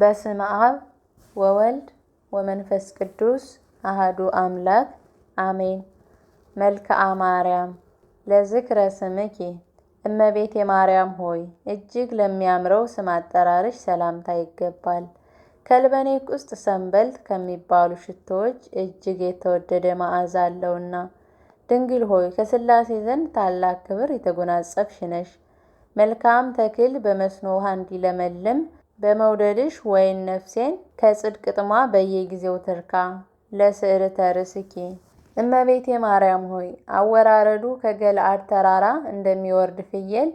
በስም አብ ወወልድ ወመንፈስ ቅዱስ አህዱ አምላክ አሜን። መልክአ ማርያም ለዝክረ ስምኪ እመቤቴ ማርያም ሆይ እጅግ ለሚያምረው ስም አጠራርሽ ሰላምታ ይገባል። ከልበኔክ ውስጥ ሰንበልት ከሚባሉ ሽቶዎች እጅግ የተወደደ መዓዛ አለውና ድንግል ሆይ ከስላሴ ዘንድ ታላቅ ክብር የተጎናጸፍሽ ነሽ። መልካም ተክል በመስኖ ውሃ እንዲለመልም በመውደድሽ ወይን ነፍሴን ከጽድቅ ጥማ በየጊዜው ትርካ ለስዕርተ ርእስኪ እመቤቴ ማርያም ሆይ አወራረዱ ከገልአድ ተራራ እንደሚወርድ ፍየል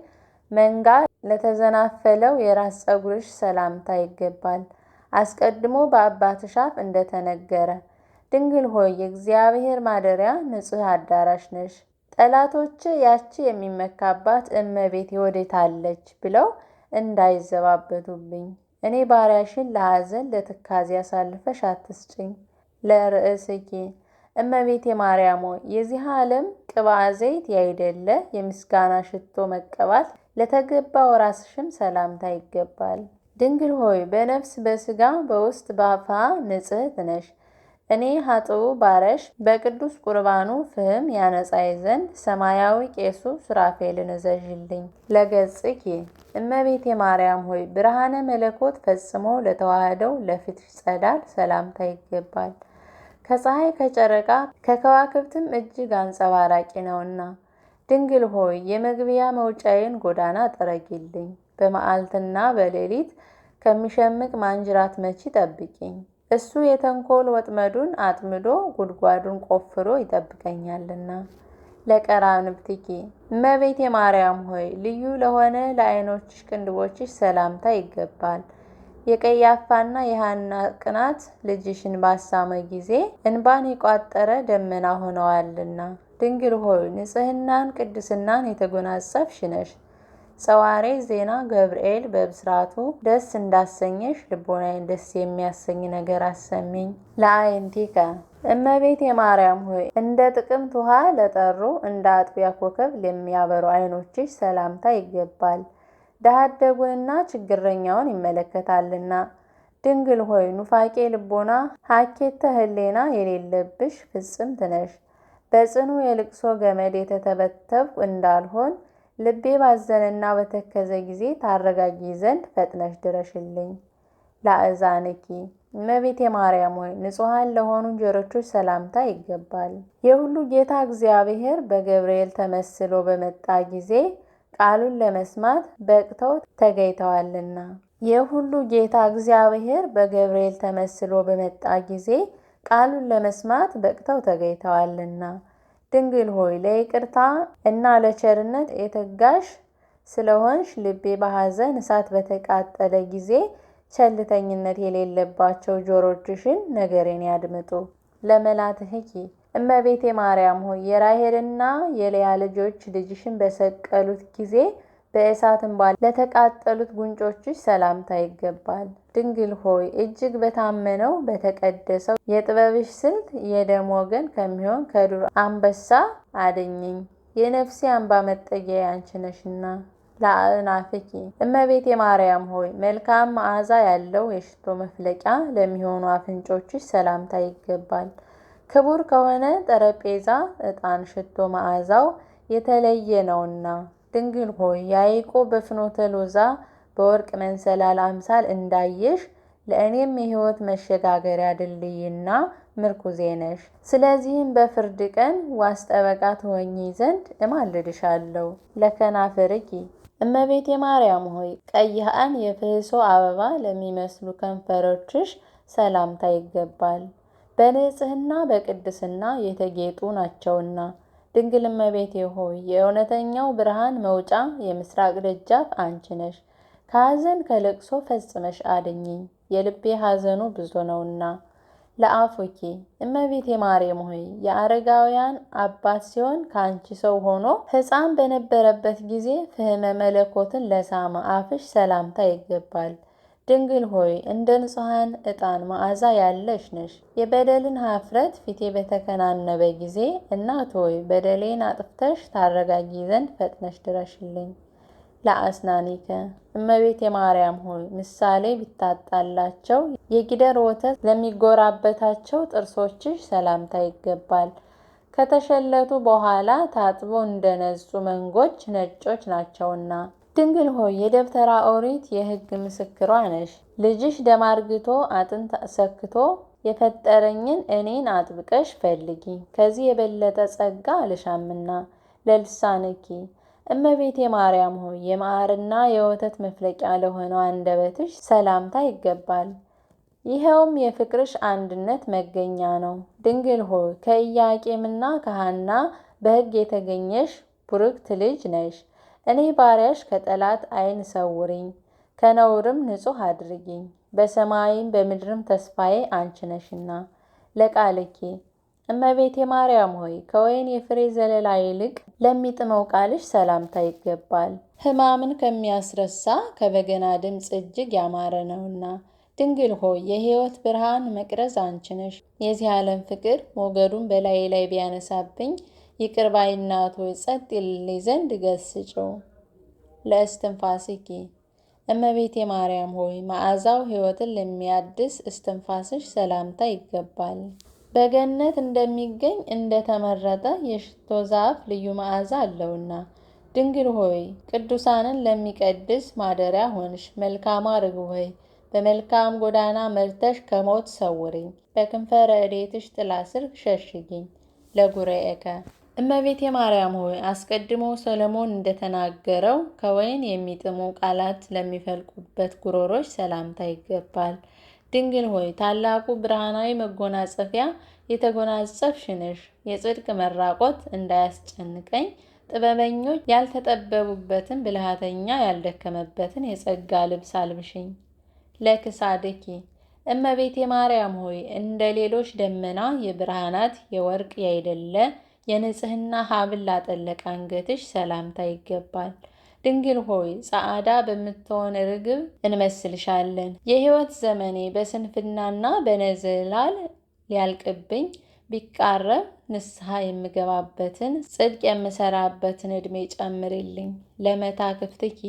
መንጋ ለተዘናፈለው የራስ ጸጉርሽ ሰላምታ ይገባል። አስቀድሞ በአባትሽ አፍ እንደተነገረ ድንግል ሆይ የእግዚአብሔር ማደሪያ ንጹሕ አዳራሽ ነሽ። ጠላቶች ያቺ የሚመካባት እመቤቴ ወዴታለች ብለው እንዳይዘባበቱብኝ። እኔ ባሪያሽን ለሐዘን ለትካዜ አሳልፈሽ አትስጭኝ። ለርእስኪ እመቤቴ ማርያም ሆይ የዚህ ዓለም ቅባ ዘይት ያይደለ የምስጋና ሽቶ መቀባት ለተገባው ራስሽም ሰላምታ ይገባል። ድንግል ሆይ በነፍስ በስጋ በውስጥ ባፋ ንጽሕት ነሽ። እኔ ሀጥው ባረሽ በቅዱስ ቁርባኑ ፍህም ያነጻይ ዘንድ ሰማያዊ ቄሱ ሱራፌልን እዘዥልኝ ለገጽኪ እመቤቴ ማርያም ሆይ ብርሃነ መለኮት ፈጽሞ ለተዋህደው ለፊትሽ ጸዳል ሰላምታ ይገባል። ከፀሐይ ከጨረቃ ከከዋክብትም እጅግ አንጸባራቂ ነውና፣ ድንግል ሆይ የመግቢያ መውጫዬን ጎዳና ጠረጊልኝ። በመዓልትና በሌሊት ከሚሸምቅ ማንጅራት መቺ ጠብቂኝ። እሱ የተንኮል ወጥመዱን አጥምዶ ጉድጓዱን ቆፍሮ ይጠብቀኛልና። ለቀራንብትኪ እመቤቴ ማርያም ሆይ ልዩ ለሆነ ለዓይኖችሽ ቅንድቦችሽ ሰላምታ ይገባል። የቀያፋና የሃና ቅናት ልጅሽን ባሳመ ጊዜ እንባን የቋጠረ ደመና ሆነዋልና ድንግል ሆይ ንጽህናን ቅድስናን የተጎናጸፍሽ ነሽ። ሰዋሬ ዜና ገብርኤል በብስራቱ ደስ እንዳሰኘሽ ልቦናዬን ደስ የሚያሰኝ ነገር አሰሚኝ። ለአይንቲከ እመቤት የማርያም ሆይ እንደ ጥቅምት ውሃ ለጠሩ እንደ አጥቢያ ኮከብ ለሚያበሩ አይኖችሽ ሰላምታ ይገባል። ድሀ ችግረኛውን ይመለከታልና። ድንግል ሆይ ኑፋቄ ልቦና ሀኬተ ህሌና የሌለብሽ ፍጽምት ነሽ። በጽኑ የልቅሶ ገመድ የተተበተብኩ እንዳልሆን ልቤ ባዘነና በተከዘ ጊዜ ታረጋጊ ዘንድ ፈጥነሽ ድረሽልኝ። ላእዛንኪ እመቤቴ ማርያም ሆይ ንጹሐን ለሆኑ ጆሮቾች ሰላምታ ይገባል። የሁሉ ጌታ እግዚአብሔር በገብርኤል ተመስሎ በመጣ ጊዜ ቃሉን ለመስማት በቅተው ተገኝተዋልና። የሁሉ ጌታ እግዚአብሔር በገብርኤል ተመስሎ በመጣ ጊዜ ቃሉን ለመስማት በቅተው ተገኝተዋልና ድንግል ሆይ ለይቅርታ እና ለቸርነት የተጋሽ ስለሆንሽ ልቤ በሐዘን እሳት በተቃጠለ ጊዜ ቸልተኝነት የሌለባቸው ጆሮችሽን ነገሬን ያድምጡ። ለመላትህኪ እመቤቴ ማርያም ሆይ የራሄልና የልያ ልጆች ልጅሽን በሰቀሉት ጊዜ በእሳትም ባል ለተቃጠሉት ጉንጮችሽ ሰላምታ ይገባል። ድንግል ሆይ እጅግ በታመነው በተቀደሰው የጥበብሽ ስልት የደም ወገን ከሚሆን ከዱር አንበሳ አድኝኝ። የነፍሴ አምባ መጠጊያ አንቺ ነሽና ለአእናፍኪ እመቤቴ ማርያም ሆይ መልካም መዓዛ ያለው የሽቶ መፍለቂያ ለሚሆኑ አፍንጮችሽ ሰላምታ ይገባል። ክቡር ከሆነ ጠረጴዛ ዕጣን ሽቶ መዓዛው የተለየ ነውና ድንግል ሆይ ያዕቆብ በፍኖተ ሎዛ በወርቅ መንሰላል አምሳል እንዳየሽ ለእኔም የሕይወት መሸጋገሪያ ድልድይና ምርኩዜ ነሽ። ስለዚህም በፍርድ ቀን ዋስ ጠበቃ ትሆኚ ዘንድ እማልድሻለሁ። ለከናፍርኪ እመቤቴ ማርያም ሆይ ቀይሃን የፍህሶ አበባ ለሚመስሉ ከንፈሮችሽ ሰላምታ ይገባል። በንጽህና በቅድስና የተጌጡ ናቸውና ድንግል እመቤቴ ሆይ የእውነተኛው ብርሃን መውጫ የምስራቅ ደጃፍ አንቺ ነሽ። ከሐዘን ከለቅሶ ፈጽመሽ አድኝኝ፣ የልቤ ሐዘኑ ብዙ ነውና። ለአፉኪ እመቤቴ ማርያም ሆይ የአረጋውያን አባት ሲሆን ከአንቺ ሰው ሆኖ ሕፃን በነበረበት ጊዜ ፍህመ መለኮትን ለሳመ አፍሽ ሰላምታ ይገባል። ድንግል ሆይ እንደ ንጹሐን ዕጣን መዓዛ ያለሽ ነሽ። የበደልን ኀፍረት ፊቴ በተከናነበ ጊዜ እናት ሆይ በደሌን አጥፍተሽ ታረጋጊ ዘንድ ፈጥነሽ ድረሽልኝ። ለአስናኒከ እመቤት የማርያም ሆይ ምሳሌ ቢታጣላቸው የጊደር ወተት ለሚጎራበታቸው ጥርሶችሽ ሰላምታ ይገባል። ከተሸለቱ በኋላ ታጥቦ እንደነጹ መንጎች ነጮች ናቸውና ድንግል ሆይ የደብተራ ኦሪት የሕግ ምስክሯ ነሽ። ልጅሽ ደም አርግቶ አጥንት ሰክቶ የፈጠረኝን እኔን አጥብቀሽ ፈልጊ፣ ከዚህ የበለጠ ጸጋ አልሻምና ለልሳንኪ። እመቤቴ ማርያም ሆይ የማርና የወተት መፍለቂያ ለሆነው አንደበትሽ ሰላምታ ይገባል። ይኸውም የፍቅርሽ አንድነት መገኛ ነው። ድንግል ሆይ ከኢያቄምና ከሐና በሕግ የተገኘሽ ቡርክት ልጅ ነሽ። እኔ ባሪያሽ ከጠላት ዓይን ሰውሪኝ፣ ከነውርም ንጹሕ አድርጊኝ። በሰማይም በምድርም ተስፋዬ አንቺ ነሽና ለቃልኪ እመቤቴ ማርያም ሆይ ከወይን የፍሬ ዘለላ ይልቅ ለሚጥመው ቃልሽ ሰላምታ ይገባል። ሕማምን ከሚያስረሳ ከበገና ድምፅ እጅግ ያማረ ነውና፣ ድንግል ሆይ የሕይወት ብርሃን መቅረዝ አንቺ ነሽ። የዚህ ዓለም ፍቅር ሞገዱን በላዬ ላይ ቢያነሳብኝ ይቅር ባይ እናት ጸጥ ይልልኝ ዘንድ ገስጪው። ለእስትንፋስኪ እመቤቴ ማርያም ሆይ መዓዛው ሕይወትን ለሚያድስ እስትንፋስሽ ሰላምታ ይገባል። በገነት እንደሚገኝ እንደ ተመረጠ የሽቶ ዛፍ ልዩ መዓዛ አለውና ድንግል ሆይ ቅዱሳንን ለሚቀድስ ማደሪያ ሆንሽ። መልካሟ ርግብ ሆይ በመልካም ጎዳና መርተሽ ከሞት ሰውሪኝ፣ በክንፈ ረድኤትሽ ጥላ ስር ሸሽጊኝ። ለጉራኤከ እመቤቴ ማርያም ሆይ አስቀድሞ ሰለሞን እንደተናገረው ከወይን የሚጥሙ ቃላት ለሚፈልቁበት ጉሮሮች ሰላምታ ይገባል። ድንግል ሆይ ታላቁ ብርሃናዊ መጎናጸፊያ የተጎናጸፍሽ ነሽ። የጽድቅ መራቆት እንዳያስጨንቀኝ ጥበበኞች ያልተጠበቡበትን ብልሃተኛ ያልደከመበትን የጸጋ ልብስ አልብሽኝ። ለክሳድኪ እመቤቴ ማርያም ሆይ እንደ ሌሎች ደመና የብርሃናት የወርቅ ያይደለ የንጽህና ሀብል ላጠለቀ አንገትሽ ሰላምታ ይገባል። ድንግል ሆይ ጸዓዳ በምትሆን ርግብ እንመስልሻለን። የሕይወት ዘመኔ በስንፍናና በነዘላል ሊያልቅብኝ ቢቃረብ ንስሐ የምገባበትን ጽድቅ የምሰራበትን ዕድሜ ጨምርልኝ። ለመታ ክፍትኪ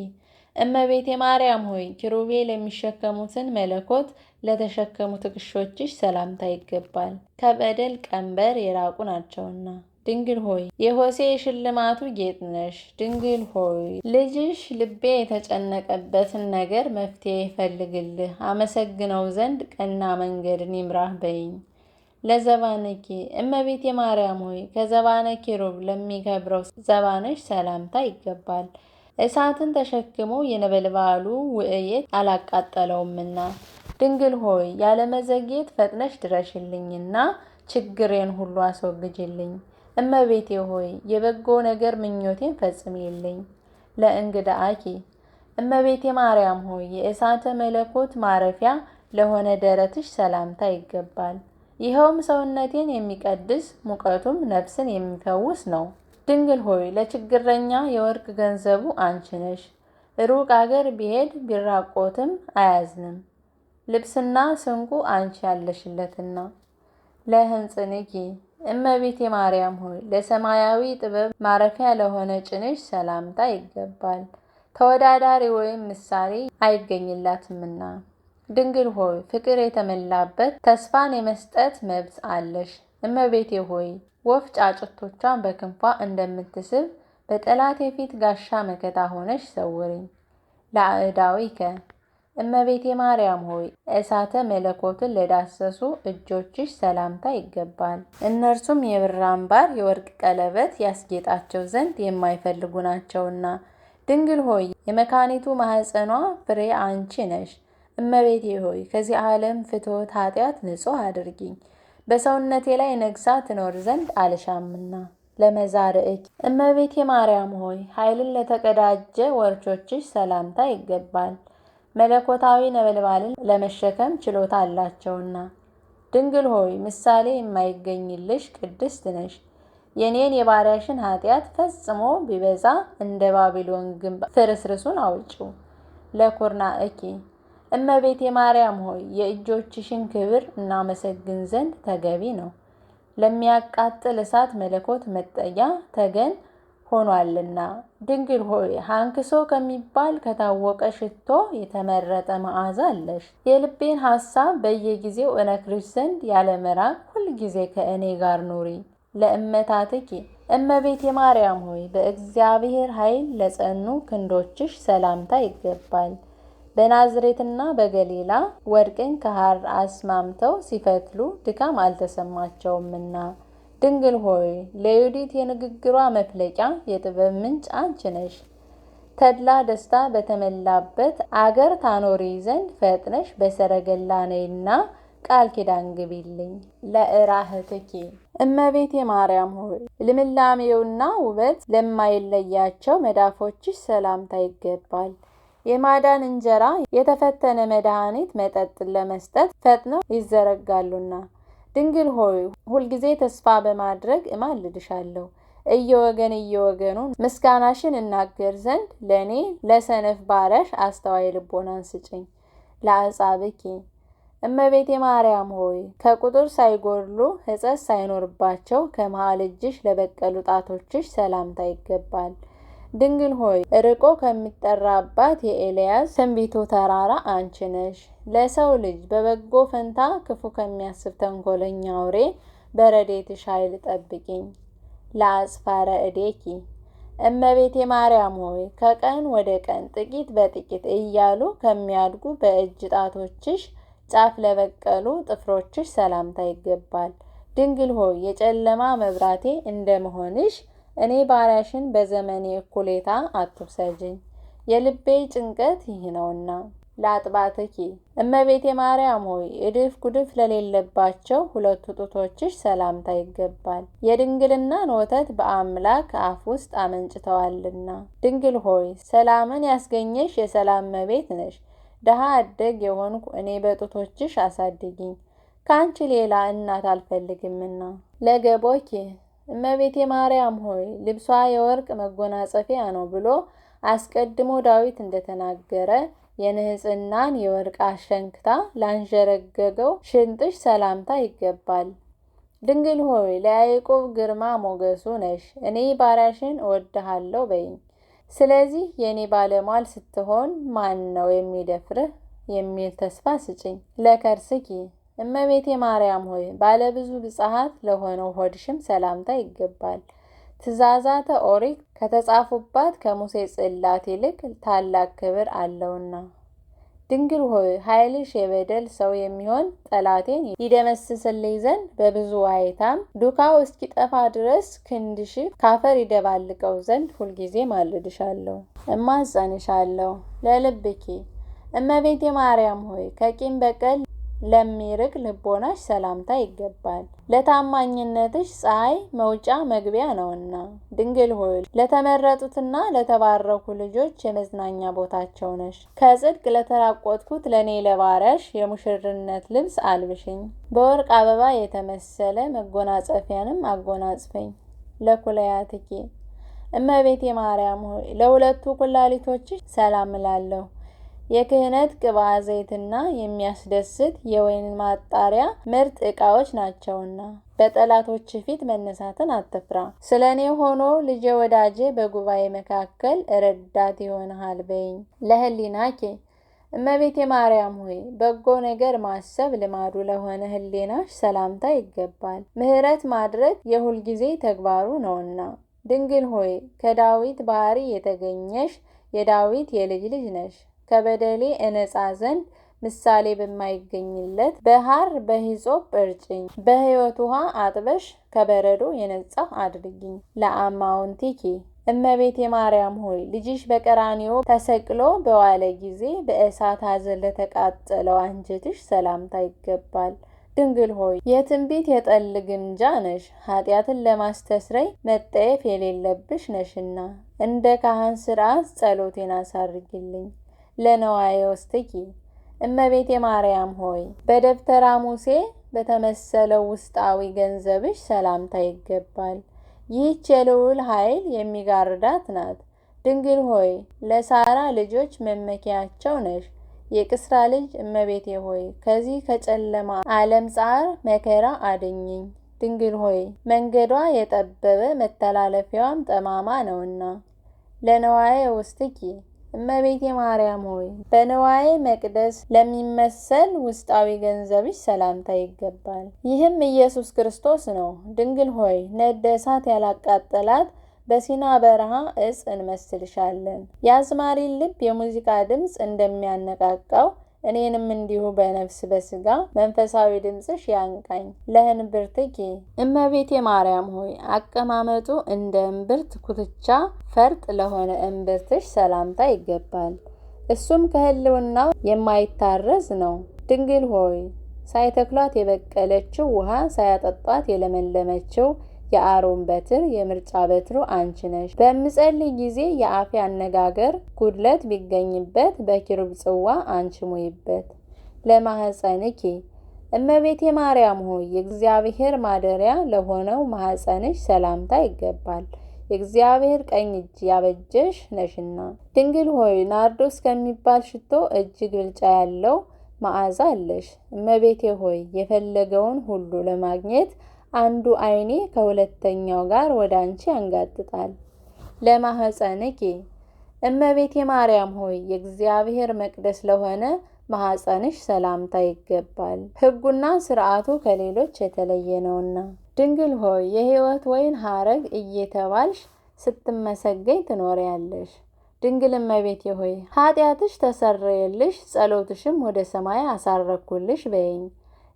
እመቤቴ ማርያም ሆይ ኪሩቤል የሚሸከሙትን መለኮት ለተሸከሙ ትከሻዎችሽ ሰላምታ ይገባል፣ ከበደል ቀንበር የራቁ ናቸውና። ድንግል ሆይ የሆሴ ሽልማቱ ጌጥ ነሽ። ድንግል ሆይ ልጅሽ ልቤ የተጨነቀበትን ነገር መፍትሄ ይፈልግልህ አመሰግነው ዘንድ ቀና መንገድን ይምራህ በይኝ። ለዘባነኪ እመቤቴ ማርያም ሆይ ከዘባነኪ ሩብ ለሚከብረው ዘባነሽ ሰላምታ ይገባል። እሳትን ተሸክሞ የነበልባሉ ውእየት አላቃጠለውምና ድንግል ሆይ ያለመዘግየት ፈጥነሽ ድረሽልኝና ችግሬን ሁሉ አስወግጅልኝ። እመቤቴ ሆይ የበጎ ነገር ምኞቴን ፈጽሜልኝ! ለእንግዳ አኪ እመቤቴ ማርያም ሆይ የእሳተ መለኮት ማረፊያ ለሆነ ደረትሽ ሰላምታ ይገባል። ይኸውም ሰውነቴን የሚቀድስ ሙቀቱም ነፍስን የሚፈውስ ነው። ድንግል ሆይ ለችግረኛ የወርቅ ገንዘቡ አንቺ ነሽ። ሩቅ አገር ቢሄድ ቢራቆትም አያዝንም፣ ልብስና ስንቁ አንቺ ያለሽለትና ለህንጽንኪ እመቤቴ ማርያም ሆይ ለሰማያዊ ጥበብ ማረፊያ ለሆነ ጭንሽ ሰላምታ ይገባል፣ ተወዳዳሪ ወይም ምሳሌ አይገኝላትምና። ድንግል ሆይ ፍቅር የተመላበት ተስፋን የመስጠት መብት አለሽ። እመቤቴ ሆይ ወፍ ጫጭቶቿን በክንፏ እንደምትስብ በጠላቴ ፊት ጋሻ መከታ ሆነሽ ሰውሪኝ። ለአእዳዊከ እመቤቴ ማርያም ሆይ እሳተ መለኮትን ለዳሰሱ እጆችሽ ሰላምታ ይገባል። እነርሱም የብር አምባር፣ የወርቅ ቀለበት ያስጌጣቸው ዘንድ የማይፈልጉ ናቸውና። ድንግል ሆይ የመካኒቱ ማኅፀኗ ፍሬ አንቺ ነሽ። እመቤቴ ሆይ ከዚህ ዓለም ፍትወት ኃጢአት ንጹሕ አድርጊኝ በሰውነቴ ላይ ነግሳ ትኖር ዘንድ አልሻምና። ለመዛርእኪ እመቤቴ ማርያም ሆይ ኃይልን ለተቀዳጀ ወርቾችሽ ሰላምታ ይገባል። መለኮታዊ ነበልባልን ለመሸከም ችሎታ አላቸውና። ድንግል ሆይ ምሳሌ የማይገኝልሽ ቅድስት ነሽ። የኔን የባሪያሽን ኃጢአት ፈጽሞ ቢበዛ እንደ ባቢሎን ግንብ ፍርስርሱን አውጪው። ለኩርና እኪ እመቤቴ ማርያም ሆይ የእጆችሽን ክብር እናመሰግን ዘንድ ተገቢ ነው። ለሚያቃጥል እሳት መለኮት መጠጊያ ተገን ሆኗልና ድንግል ሆይ ሃንክሶ ከሚባል ከታወቀ ሽቶ የተመረጠ መዓዛ አለሽ። የልቤን ሀሳብ በየጊዜው እነግርሽ ዘንድ ያለ ምራቅ ሁልጊዜ ከእኔ ጋር ኑሪ። ለእመታትኪ እመቤቴ ማርያም ሆይ በእግዚአብሔር ኃይል ለጸኑ ክንዶችሽ ሰላምታ ይገባል። በናዝሬትና በገሊላ ወርቅን ከሐር አስማምተው ሲፈትሉ ድካም አልተሰማቸውምና ድንግል ሆይ ለዩዲት የንግግሯ መፍለቂያ የጥበብ ምንጭ አንቺ ነሽ። ተድላ ደስታ በተመላበት አገር ታኖሪ ዘንድ ፈጥነሽ በሰረገላ ነይና ቃል ኪዳን ግቢልኝ። ለእራህትኪ እመቤቴ ማርያም ሆይ ልምላሜውና ውበት ለማይለያቸው መዳፎችሽ ሰላምታ ይገባል። የማዳን እንጀራ የተፈተነ መድኃኒት መጠጥን ለመስጠት ፈጥነው ይዘረጋሉና ድንግል ሆይ ሁልጊዜ ተስፋ በማድረግ እማልድሻለሁ። እየወገን እየወገኑ ምስጋናሽን እናገር ዘንድ ለእኔ ለሰነፍ ባሪያሽ አስተዋይ ልቦናን ስጭኝ። ለአጻብኪ እመቤቴ ማርያም ሆይ ከቁጥር ሳይጎድሉ ሕጸት ሳይኖርባቸው ከመሃል እጅሽ ለበቀሉ ጣቶችሽ ሰላምታ ይገባል። ድንግል ሆይ ርቆ ከሚጠራባት የኤልያስ ትንቢቱ ተራራ አንቺ ነሽ። ለሰው ልጅ በበጎ ፈንታ ክፉ ከሚያስብ ተንኮለኛ አውሬ በረዴትሽ ኃይል ጠብቂኝ። ለአጽፋረ እዴኪ እመቤቴ ማርያም ሆይ ከቀን ወደ ቀን ጥቂት በጥቂት እያሉ ከሚያድጉ በእጅ ጣቶችሽ ጫፍ ለበቀሉ ጥፍሮችሽ ሰላምታ ይገባል። ድንግል ሆይ የጨለማ መብራቴ እንደመሆንሽ እኔ ባሪያሽን በዘመኔ እኩሌታ አትውሰጅኝ፣ የልቤ ጭንቀት ይህ ነውና። ለአጥባትኪ እመቤቴ ማርያም ሆይ እድፍ ጉድፍ ለሌለባቸው ሁለቱ ጡቶችሽ ሰላምታ ይገባል። የድንግልናን ወተት በአምላክ አፍ ውስጥ አመንጭተዋልና። ድንግል ሆይ ሰላምን ያስገኘሽ የሰላም መቤት ነሽ። ድሃ አደግ የሆንኩ እኔ በጡቶችሽ አሳድጊኝ፣ ከአንቺ ሌላ እናት አልፈልግምና። ለገቦኬ እመቤቴ ማርያም ሆይ ልብሷ የወርቅ መጎናጸፊያ ነው ብሎ አስቀድሞ ዳዊት እንደተናገረ የንጽሕናን የወርቅ አሸንክታ ላንዠረገገው ሽንጥሽ ሰላምታ ይገባል። ድንግል ሆይ ለያዕቆብ ግርማ ሞገሱ ነሽ፣ እኔ ባሪያሽን እወድሃለሁ በይኝ። ስለዚህ የእኔ ባለሟል ስትሆን ማን ነው የሚደፍርህ? የሚል ተስፋ ስጭኝ። ለከርስኪ እመቤቴ ማርያም ሆይ ባለብዙ ብጽሐት ለሆነው ሆድሽም ሰላምታ ይገባል። ትእዛዛተ ኦሪት ከተጻፉባት ከሙሴ ጽላት ይልቅ ታላቅ ክብር አለውና። ድንግል ሆይ ኃይልሽ የበደል ሰው የሚሆን ጠላቴን ይደመስስልኝ ዘንድ በብዙ ዋይታም ዱካው እስኪጠፋ ድረስ ክንድሽ ካፈር ይደባልቀው ዘንድ ሁልጊዜ ማልድሻለሁ፣ እማጸንሻለሁ። ለልብኪ እመቤቴ ማርያም ሆይ ከቂም በቀል ለሚርቅ ልቦናሽ ሰላምታ ይገባል። ለታማኝነትሽ ፀሐይ መውጫ መግቢያ ነውና ድንግል ሆይ ለተመረጡትና ለተባረኩ ልጆች የመዝናኛ ቦታቸው ነሽ። ከጽድቅ ለተራቆትኩት ለእኔ ለባሪያሽ የሙሽርነት ልብስ አልብሽኝ። በወርቅ አበባ የተመሰለ መጎናጸፊያንም አጎናጽፈኝ። ለኩለያትኬ እመቤቴ ማርያም ሆይ ለሁለቱ ኩላሊቶችሽ ሰላም እላለሁ። የክህነት ቅባ ዘይትና የሚያስደስት የወይን ማጣሪያ ምርጥ ዕቃዎች ናቸውና በጠላቶች ፊት መነሳትን አትፍራ። ስለ እኔ ሆኖ ልጄ ወዳጄ በጉባኤ መካከል ረዳት ይሆንሃል በይኝ። ለህሊናኬ እመቤቴ ማርያም ሆይ በጎ ነገር ማሰብ ልማዱ ለሆነ ህሊናሽ ሰላምታ ይገባል። ምሕረት ማድረግ የሁልጊዜ ተግባሩ ነውና። ድንግል ሆይ ከዳዊት ባህሪ የተገኘሽ የዳዊት የልጅ ልጅ ነሽ። ከበደሌ እነጻ ዘንድ ምሳሌ በማይገኝለት በሐር በሂጾጵ እርጭኝ፣ በሕይወት ውሃ አጥበሽ ከበረዶ የነጻሁ አድርጊኝ። ለአማውንቲኪ እመቤቴ ማርያም ሆይ ልጅሽ በቀራኒዮ ተሰቅሎ በዋለ ጊዜ በእሳት አዘን ለተቃጠለው አንጀትሽ ሰላምታ ይገባል። ድንግል ሆይ የትንቢት የጠል ግምጃ ነሽ፣ ኃጢአትን ለማስተስረይ መጠየፍ የሌለብሽ ነሽና እንደ ካህን ሥርዓት ጸሎቴን አሳርግልኝ። ለነዋየ ውስጥኪ እመቤቴ ማርያም ሆይ በደብተራ ሙሴ በተመሰለው ውስጣዊ ገንዘብሽ ሰላምታ ይገባል። ይህች የልዑል ኃይል የሚጋርዳት ናት። ድንግል ሆይ ለሳራ ልጆች መመኪያቸው ነሽ። የቅስራ ልጅ እመቤቴ ሆይ ከዚህ ከጨለማ ዓለም ጻር መከራ አድኝኝ። ድንግል ሆይ መንገዷ የጠበበ መተላለፊያዋም ጠማማ ነውና ለነዋየ ውስጥኪ እመቤቴ ማርያም ሆይ በንዋዬ መቅደስ ለሚመሰል ውስጣዊ ገንዘብሽ ሰላምታ ይገባል። ይህም ኢየሱስ ክርስቶስ ነው። ድንግል ሆይ ነደ እሳት ያላቃጠላት በሲና በረሃ እጽ እንመስልሻለን። የአዝማሪን ልብ የሙዚቃ ድምፅ እንደሚያነቃቃው እኔንም እንዲሁ በነፍስ በስጋ መንፈሳዊ ድምፅሽ ያንቃኝ። ለእንብርትኪ እመቤቴ ማርያም ሆይ አቀማመጡ እንደ እምብርት ኩትቻ ፈርጥ ለሆነ እምብርትሽ ሰላምታ ይገባል። እሱም ከህልውናው የማይታረዝ ነው። ድንግል ሆይ ሳይተክሏት የበቀለችው ውሃ ሳያጠጧት የለመለመችው የአሮን በትር የምርጫ በትሩ አንቺ ነሽ። በምጸልይ ጊዜ የአፌ አነጋገር ጉድለት ቢገኝበት በኪሩብ ጽዋ አንቺ ሙይበት። ለማኅፀንኪ እመቤቴ ማርያም ሆይ የእግዚአብሔር ማደሪያ ለሆነው ማኅፀንሽ ሰላምታ ይገባል። የእግዚአብሔር ቀኝ እጅ ያበጀሽ ነሽና፣ ድንግል ሆይ ናርዶስ ከሚባል ሽቶ እጅግ ብልጫ ያለው መዓዛ አለሽ። እመቤቴ ሆይ የፈለገውን ሁሉ ለማግኘት አንዱ አይኔ ከሁለተኛው ጋር ወደ አንቺ ያንጋጥጣል። ለማኅፀንኪ እመቤቴ ማርያም ሆይ የእግዚአብሔር መቅደስ ለሆነ ማህፀንሽ ሰላምታ ይገባል፣ ሕጉና ስርዓቱ ከሌሎች የተለየ ነውና። ድንግል ሆይ የሕይወት ወይን ሐረግ እየተባልሽ ስትመሰገኝ ትኖሪያለሽ። ድንግል እመቤቴ ሆይ ኃጢአትሽ ተሰረየልሽ፣ ጸሎትሽም ወደ ሰማይ አሳረኩልሽ በይኝ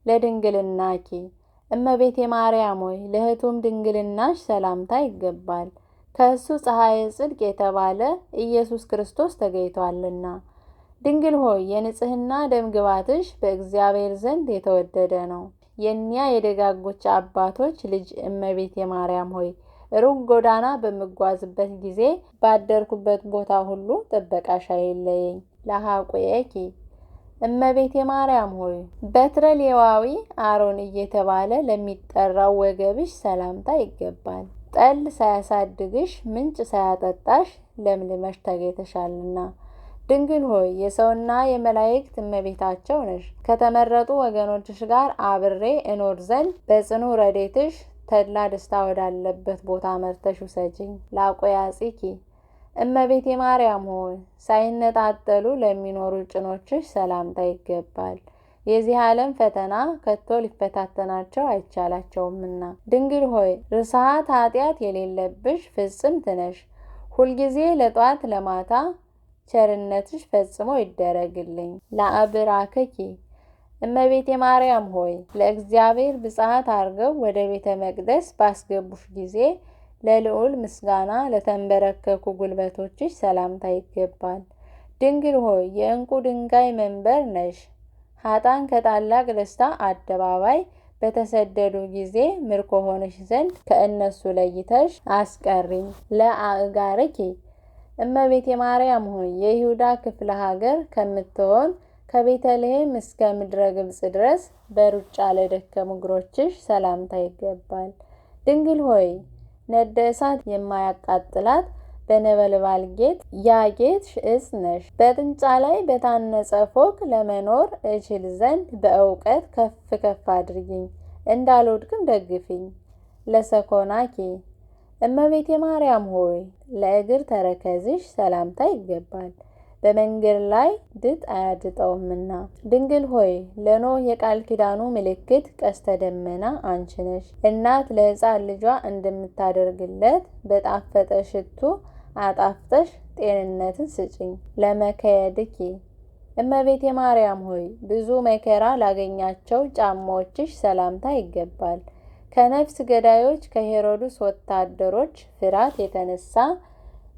ለድንግልናኪ እመቤቴ ማርያም ሆይ ለህቱም ድንግልናሽ ሰላምታ ይገባል። ከእሱ ፀሐይ ጽድቅ የተባለ ኢየሱስ ክርስቶስ ተገኝቷልና። ድንግል ሆይ የንጽህና ደም ግባትሽ በእግዚአብሔር ዘንድ የተወደደ ነው። የእኒያ የደጋጎች አባቶች ልጅ እመቤቴ ማርያም ሆይ ሩቅ ጎዳና በምጓዝበት ጊዜ ባደርኩበት ቦታ ሁሉ ጥበቃሽ አይለየኝ። ለሀቁየኪ እመቤቴ ማርያም ሆይ በትረ ሌዋዊ አሮን እየተባለ ለሚጠራው ወገብሽ ሰላምታ ይገባል። ጠል ሳያሳድግሽ ምንጭ ሳያጠጣሽ ለምልመሽ ተገኝተሻልና ድንግል ሆይ የሰውና የመላእክት እመቤታቸው ነሽ። ከተመረጡ ወገኖችሽ ጋር አብሬ እኖር ዘንድ በጽኑ ረዴትሽ ተድላ ደስታ ወዳለበት ቦታ መርተሽ ውሰጅኝ። ላቆያጺኪ እመቤቴ ማርያም ሆይ ሳይነጣጠሉ ለሚኖሩ ጭኖችሽ ሰላምታ ይገባል። የዚህ ዓለም ፈተና ከቶ ሊፈታተናቸው አይቻላቸውምና፣ ድንግል ሆይ ርስሐት ኃጢአት የሌለብሽ ፍጽምት ነሽ። ሁልጊዜ ለጧት ለማታ ቸርነትሽ ፈጽሞ ይደረግልኝ። ለአብራከኪ እመቤቴ ማርያም ሆይ ለእግዚአብሔር ብጽሐት አድርገው ወደ ቤተ መቅደስ ባስገቡሽ ጊዜ ለልዑል ምስጋና ለተንበረከኩ ጉልበቶችሽ ሰላምታ ይገባል። ድንግል ሆይ የእንቁ ድንጋይ መንበር ነሽ። ሀጣን ከታላቅ ደስታ አደባባይ በተሰደዱ ጊዜ ምርኮ ሆነሽ ዘንድ ከእነሱ ለይተሽ አስቀሪኝ። ለአእጋርኪ እመቤቴ ማርያም ሆይ የይሁዳ ክፍለ ሀገር ከምትሆን ከቤተልሔም እስከ ምድረ ግብፅ ድረስ በሩጫ ለደከሙ እግሮችሽ ሰላምታ ይገባል። ድንግል ሆይ ነደ እሳት የማያቃጥላት በነበልባል ጌጥ ያጌጥ እጽ ነሽ። በጥንጫ ላይ በታነጸ ፎቅ ለመኖር እችል ዘንድ በእውቀት ከፍ ከፍ አድርጊኝ፣ እንዳልወድቅም ደግፊኝ። ለሰኮናኪ እመቤቴ ማርያም ሆይ ለእግር ተረከዝሽ ሰላምታ ይገባል። በመንገድ ላይ ድጥ አያድጠውምና። ድንግል ሆይ ለኖህ የቃል ኪዳኑ ምልክት ቀስተ ደመና አንቺ ነሽ። እናት ለሕፃን ልጇ እንደምታደርግለት በጣፈጠ ሽቱ አጣፍጠሽ ጤንነትን ስጭኝ። ለመከየድኪ እመቤቴ ማርያም ሆይ ብዙ መከራ ላገኛቸው ጫማዎችሽ ሰላምታ ይገባል። ከነፍስ ገዳዮች ከሄሮድስ ወታደሮች ፍርሃት የተነሳ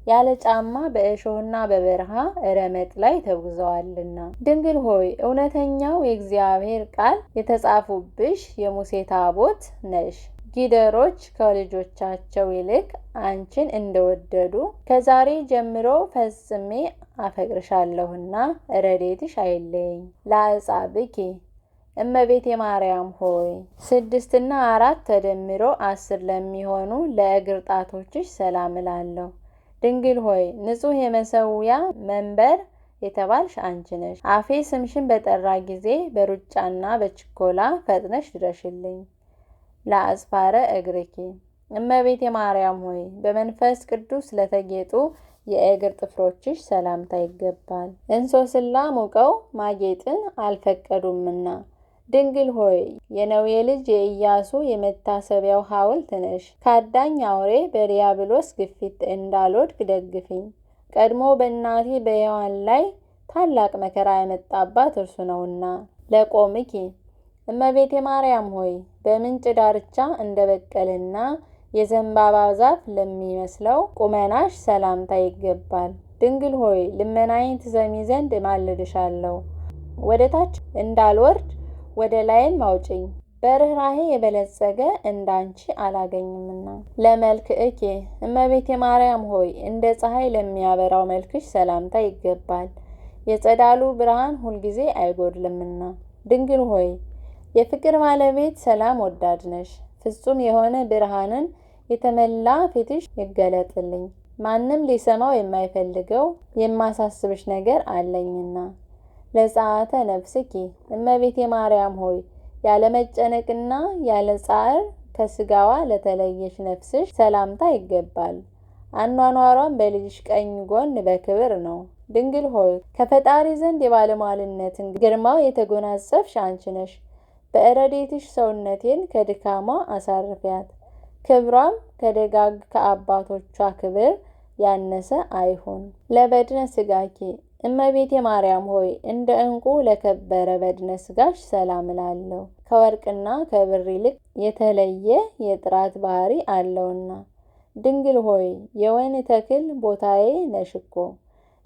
ያለ ጫማ በእሾህና በበረሃ ረመጥ ላይ ተጉዘዋልና። ድንግል ሆይ እውነተኛው የእግዚአብሔር ቃል የተጻፉብሽ የሙሴ ታቦት ነሽ። ጊደሮች ከልጆቻቸው ይልቅ አንቺን እንደወደዱ ከዛሬ ጀምሮ ፈጽሜ አፈቅርሻለሁና ረዴትሽ አይለኝ። ለአጻብኪ እመቤቴ ማርያም ሆይ ስድስትና አራት ተደምሮ አስር ለሚሆኑ ለእግር ጣቶችሽ ሰላም እላለሁ። ድንግል ሆይ ንጹሕ የመሰዊያ መንበር የተባልሽ አንቺ ነሽ። አፌ ስምሽን በጠራ ጊዜ በሩጫና በችኮላ ፈጥነሽ ድረሽልኝ። ለአጽፋረ እግርኪ እመቤቴ ማርያም ሆይ በመንፈስ ቅዱስ ለተጌጡ የእግር ጥፍሮችሽ ሰላምታ ይገባል። እንሶስላ ሙቀው ማጌጥን አልፈቀዱምና ድንግል ሆይ የነዌ ልጅ የኢያሱ የመታሰቢያው ሐውልት ነሽ። ከአዳኝ አውሬ በዲያብሎስ ግፊት እንዳልወድቅ ደግፊኝ። ቀድሞ በእናቴ በሔዋን ላይ ታላቅ መከራ የመጣባት እርሱ ነውና። ለቆምኪ እመቤቴ ማርያም ሆይ በምንጭ ዳርቻ እንደ በቀልና የዘንባባ ዛፍ ለሚመስለው ቁመናሽ ሰላምታ ይገባል። ድንግል ሆይ ልመናዬን ትሰሚ ዘንድ እማልድሻለሁ። ወደ ታች እንዳልወርድ ወደ ላይም አውጭኝ በርኅራሄ የበለጸገ እንዳንቺ አላገኝምና። ለመልክ እኬ እመቤቴ ማርያም ሆይ እንደ ፀሐይ ለሚያበራው መልክሽ ሰላምታ ይገባል። የጸዳሉ ብርሃን ሁልጊዜ አይጎድልምና። ድንግል ሆይ የፍቅር ባለቤት ሰላም ወዳድ ነሽ። ፍጹም የሆነ ብርሃንን የተመላ ፊትሽ ይገለጥልኝ። ማንም ሊሰማው የማይፈልገው የማሳስብሽ ነገር አለኝና ለፀዓተ ነፍስኪ እመቤቴ ማርያም ሆይ ያለመጨነቅና ያለ ጻዕር ከስጋዋ ለተለየች ነፍስሽ ሰላምታ ይገባል። አኗኗሯን በልጅሽ ቀኝ ጎን በክብር ነው። ድንግል ሆይ ከፈጣሪ ዘንድ የባለሟልነትን ግርማ የተጎናጸፍሽ አንቺ ነሽ። በእረዴትሽ ሰውነቴን ከድካሟ አሳርፊያት፣ ክብሯም ከደጋግ ከአባቶቿ ክብር ያነሰ አይሁን። ለበድነ ስጋኪ እመቤቴ ማርያም ሆይ እንደ እንቁ ለከበረ በድነ ስጋሽ ሰላም እላለሁ። ከወርቅና ከብር ይልቅ የተለየ የጥራት ባህሪ አለውና። ድንግል ሆይ የወይን ተክል ቦታዬ ነሽኮ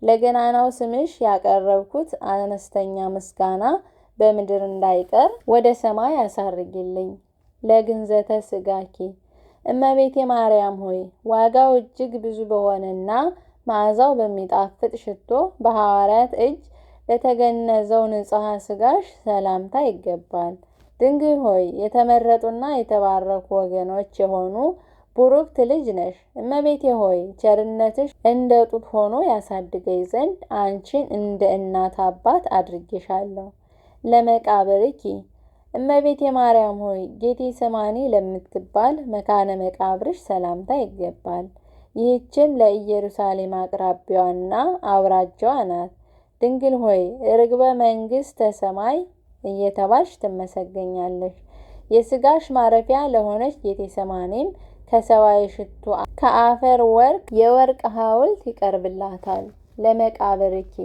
ለገናናው ስምሽ ያቀረብኩት አነስተኛ ምስጋና በምድር እንዳይቀር ወደ ሰማይ ያሳርግልኝ። ለግንዘተ ስጋኪ እመቤቴ ማርያም ሆይ ዋጋው እጅግ ብዙ በሆነና መዓዛው በሚጣፍጥ ሽቶ በሐዋርያት እጅ ለተገነዘው ንጽሐ ስጋሽ ሰላምታ ይገባል። ድንግል ሆይ የተመረጡና የተባረኩ ወገኖች የሆኑ ቡሩክት ልጅ ነሽ። እመቤቴ ሆይ ቸርነትሽ እንደ ጡት ሆኖ ያሳድገኝ ዘንድ አንቺን እንደ እናት አባት አድርጌሻለሁ። ለመቃብርኪ እመቤቴ ማርያም ሆይ ጌቴ ሰማኒ ለምትባል መካነ መቃብርሽ ሰላምታ ይገባል። ይህችም ለኢየሩሳሌም አቅራቢዋና አውራጃዋ ናት። ድንግል ሆይ ርግበ መንግሥተ ሰማይ እየተባልሽ ትመሰገኛለሽ። የስጋሽ ማረፊያ ለሆነች ጌቴሰማኔም ከሰማይ ሽቱ ከአፈር ወርቅ የወርቅ ሐውልት ይቀርብላታል። ለመቃብርኪ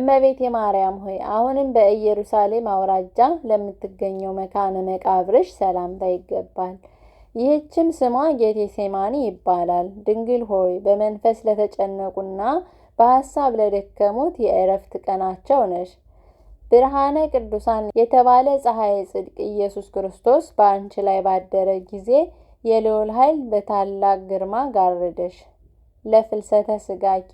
እመቤቴ ማርያም ሆይ አሁንም በኢየሩሳሌም አውራጃ ለምትገኘው መካነ መቃብርሽ ሰላምታ ይገባል። ይህችም ስሟ ጌቴ ሴማኒ ይባላል። ድንግል ሆይ በመንፈስ ለተጨነቁና በሐሳብ ለደከሙት የእረፍት ቀናቸው ነሽ። ብርሃነ ቅዱሳን የተባለ ፀሐይ ጽድቅ ኢየሱስ ክርስቶስ በአንቺ ላይ ባደረ ጊዜ የልዑል ኃይል በታላቅ ግርማ ጋረደሽ። ለፍልሰተ ስጋኪ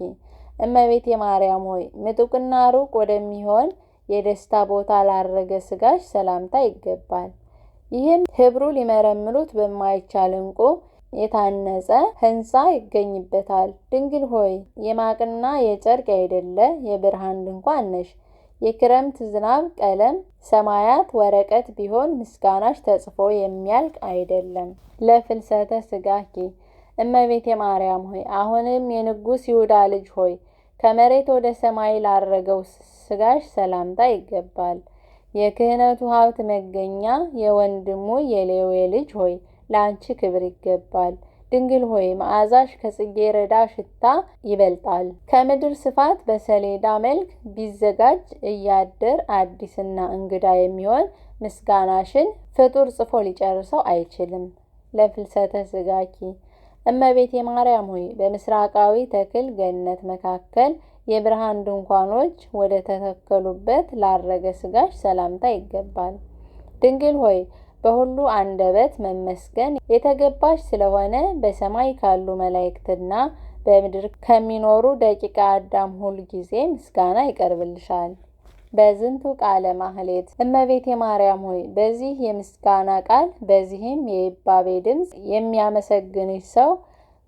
እመቤቴ ማርያም ሆይ ምጡቅና ሩቅ ወደሚሆን የደስታ ቦታ ላረገ ስጋሽ ሰላምታ ይገባል። ይህም ህብሩ ሊመረምሩት በማይቻል እንቁ የታነጸ ህንፃ ይገኝበታል። ድንግል ሆይ የማቅና የጨርቅ አይደለ የብርሃን ድንኳን ነሽ። የክረምት ዝናብ ቀለም ሰማያት ወረቀት ቢሆን ምስጋናሽ ተጽፎ የሚያልቅ አይደለም። ለፍልሰተ ስጋኪ እመቤቴ ማርያም ሆይ አሁንም የንጉሥ ይሁዳ ልጅ ሆይ ከመሬት ወደ ሰማይ ላረገው ስጋሽ ሰላምታ ይገባል። የክህነቱ ሀብት መገኛ የወንድሙ የሌዌ ልጅ ሆይ ለአንቺ ክብር ይገባል። ድንግል ሆይ መዓዛሽ ከጽጌረዳ ሽታ ይበልጣል። ከምድር ስፋት በሰሌዳ መልክ ቢዘጋጅ እያደር አዲስና እንግዳ የሚሆን ምስጋናሽን ፍጡር ጽፎ ሊጨርሰው አይችልም። ለፍልሰተ ስጋኪ እመቤቴ ማርያም ሆይ በምስራቃዊ ተክል ገነት መካከል የብርሃን ድንኳኖች ወደ ተተከሉበት ላረገ ስጋሽ ሰላምታ ይገባል። ድንግል ሆይ በሁሉ አንደበት መመስገን የተገባሽ ስለሆነ በሰማይ ካሉ መላእክትና በምድር ከሚኖሩ ደቂቀ አዳም ሁል ጊዜ ምስጋና ይቀርብልሻል። በዝንቱ ቃለ ማህሌት እመቤቴ ማርያም ሆይ በዚህ የምስጋና ቃል በዚህም የይባቤ ድምፅ የሚያመሰግንሽ ሰው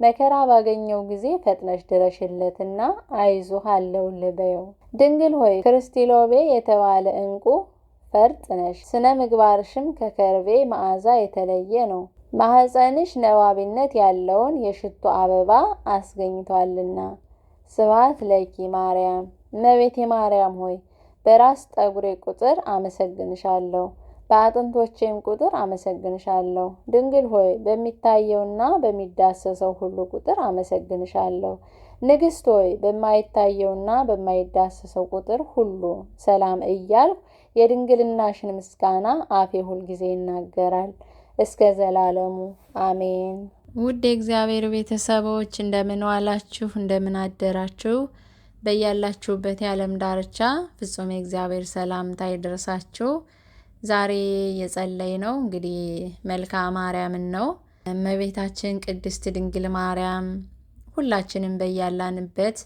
መከራ ባገኘው ጊዜ ፈጥነሽ ድረሽለትና አይዞህ አለሁልህ ድንግል ሆይ ክርስቲሎቤ የተባለ እንቁ ፈርጥ ነሽ፣ ስነ ምግባርሽም ከከርቤ መዓዛ የተለየ ነው። ማህፀንሽ ነባቢነት ያለውን የሽቱ አበባ አስገኝቷልና። ስብሐት ለኪ ማርያም። እመቤቴ ማርያም ሆይ በራስ ጠጉሬ ቁጥር አመሰግንሻለሁ። በአጥንቶቼም ቁጥር አመሰግንሻለሁ። ድንግል ሆይ በሚታየውና በሚዳሰሰው ሁሉ ቁጥር አመሰግንሻለሁ። ንግሥት ሆይ በማይታየውና በማይዳሰሰው ቁጥር ሁሉ ሰላም እያልሁ የድንግልናሽን ምስጋና አፌ ሁልጊዜ ይናገራል እስከ ዘላለሙ አሜን። ውድ የእግዚአብሔር ቤተሰቦች እንደምን ዋላችሁ? እንደምን አደራችሁ? በያላችሁበት የዓለም ዳርቻ ፍጹም የእግዚአብሔር ሰላምታ ይደርሳችሁ። ዛሬ የጸለይ ነው እንግዲህ መልካ ማርያምን ነው። እመቤታችን ቅድስት ድንግል ማርያም ሁላችንም በያላንበት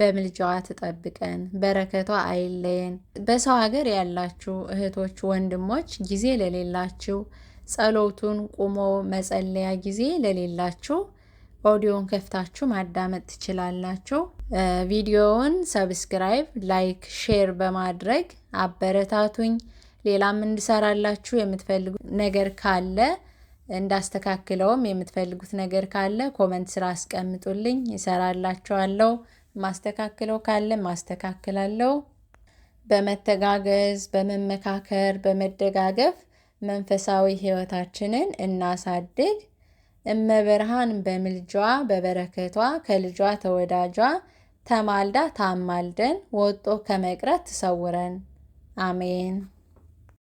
በምልጃዋ ትጠብቀን፣ በረከቷ አይለየን። በሰው ሀገር ያላችሁ እህቶች፣ ወንድሞች ጊዜ ለሌላችሁ ጸሎቱን ቁሞ መጸለያ ጊዜ ለሌላችሁ ኦዲዮን ከፍታችሁ ማዳመጥ ትችላላችሁ። ቪዲዮውን ሰብስክራይብ፣ ላይክ፣ ሼር በማድረግ አበረታቱኝ። ሌላም እንድሰራላችሁ የምትፈልጉት ነገር ካለ እንዳስተካክለውም የምትፈልጉት ነገር ካለ ኮመንት ስራ አስቀምጡልኝ፣ ይሰራላችኋለሁ። ማስተካክለው ካለ ማስተካክላለሁ። በመተጋገዝ በመመካከር፣ በመደጋገፍ መንፈሳዊ ህይወታችንን እናሳድግ። እመብርሃን በምልጃዋ በበረከቷ ከልጇ ተወዳጇ ተማልዳ ታማልደን ወጦ ከመቅረት ትሰውረን። አሜን።